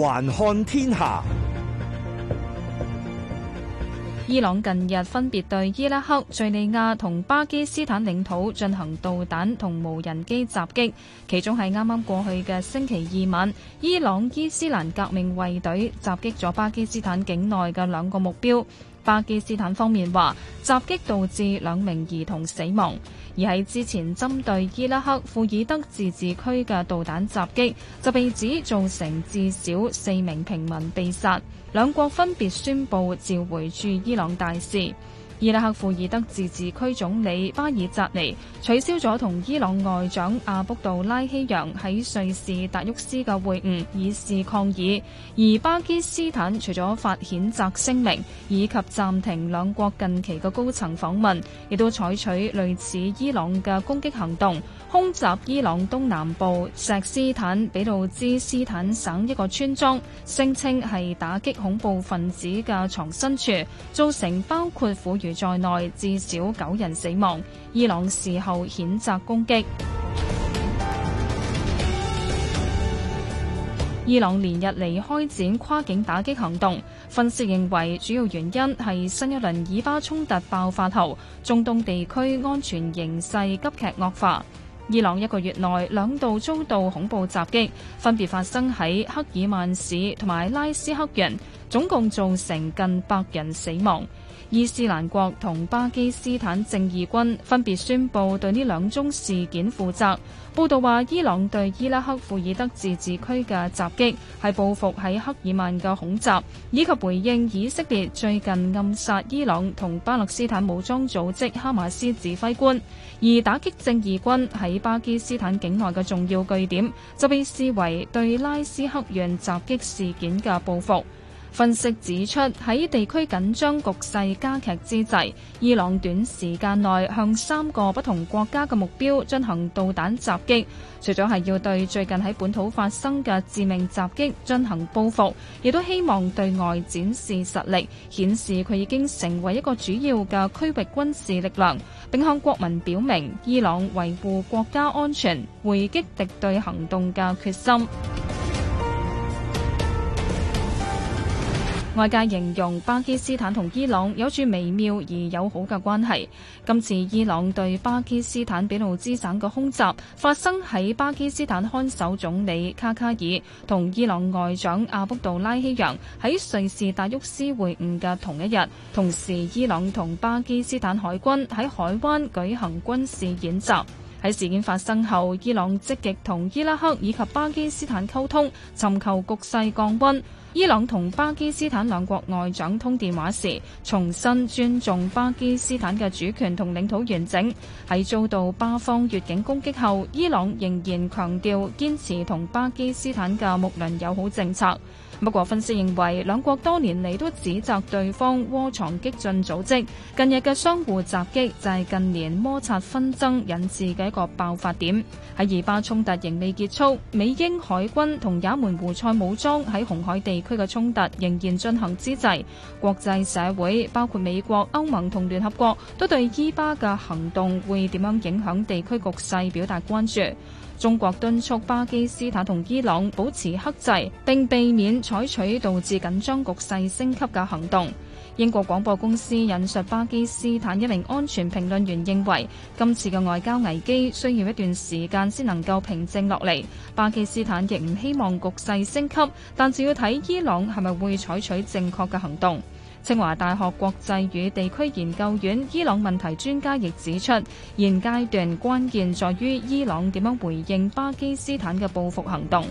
環看天下，伊朗近日分別對伊拉克、敘利亞同巴基斯坦領土進行導彈同無人機襲擊，其中係啱啱過去嘅星期二晚，伊朗伊斯蘭革命衛隊襲擊咗巴基斯坦境內嘅兩個目標。巴基斯坦方面話，襲擊導致兩名兒童死亡，而喺之前針對伊拉克庫爾德自治區嘅導彈襲擊，就被指造成至少四名平民被殺，兩國分別宣布召回駐伊朗大使。伊拉克庫爾德自治區總理巴爾扎尼取消咗同伊朗外長阿卜杜拉希揚喺瑞士達沃斯嘅會晤，以示抗議。而巴基斯坦除咗發譴責聲明以及暫停兩國近期嘅高層訪問，亦都採取類似伊朗嘅攻擊行動，空襲伊朗東南部錫斯坦俾路支斯坦省一個村莊，聲稱係打擊恐怖分子嘅藏身處，造成包括婦在內至少九人死亡。伊朗事後譴責攻擊。伊朗連日嚟開展跨境打擊行動，分析認為，主要原因係新一輪以巴衝突爆發後，中東地區安全形勢急劇惡化。伊朗一個月內兩度遭到恐怖襲擊，分別發生喺克爾曼市同埋拉斯克人，總共造成近百人死亡。伊斯蘭國同巴基斯坦正義軍分別宣佈對呢兩宗事件負責。報道話，伊朗對伊拉克庫爾德自治區嘅襲擊係報復喺赫爾曼嘅恐襲，以及回應以色列最近暗殺伊朗同巴勒斯坦武裝組織哈馬斯指揮官。而打擊正義軍喺巴基斯坦境內嘅重要據點，就被視為對拉斯克遠襲擊事件嘅報復。分析指出，喺地區緊張局勢加劇之際，伊朗短時間內向三個不同國家嘅目標進行導彈襲擊，除咗係要對最近喺本土發生嘅致命襲擊進行報復，亦都希望對外展示實力，顯示佢已經成為一個主要嘅區域軍事力量，並向國民表明伊朗維護國家安全、回擊敵對行動嘅決心。外界形容巴基斯坦同伊朗有住微妙而友好嘅關係，今次伊朗對巴基斯坦俾路支省嘅空襲發生喺巴基斯坦看守總理卡卡爾同伊朗外長阿卜杜拉希揚喺瑞士達沃斯會晤嘅同一日。同時伊朗同巴基斯坦海軍喺海灣舉行軍事演習。喺事件發生後，伊朗積極同伊拉克以及巴基斯坦溝通，尋求局勢降温。伊朗同巴基斯坦兩國外長通電話時，重申尊重巴基斯坦嘅主權同領土完整。喺遭到巴方越境攻擊後，伊朗仍然強調堅持同巴基斯坦嘅睦鄰友好政策。不過，分析認為兩國多年嚟都指責對方窩藏激進組織，近日嘅相互襲擊就係近年摩擦紛爭引致嘅一個爆發點。喺伊巴衝突仍未結束，美英海軍同也門胡塞武裝喺紅海地區嘅衝突仍然進行之際，國際社會包括美國、歐盟同聯合國都對伊巴嘅行動會點樣影響地區局勢表達關注。中國敦促巴基斯坦同伊朗保持克制，並避免採取導致緊張局勢升級嘅行動。英國廣播公司引述巴基斯坦一名安全評論員認為，今次嘅外交危機需要一段時間先能夠平靜落嚟。巴基斯坦亦唔希望局勢升級，但就要睇伊朗係咪會採取正確嘅行動。清華大學國際與地區研究院伊朗問題專家亦指出，現階段關鍵在於伊朗點樣回應巴基斯坦嘅報復行動。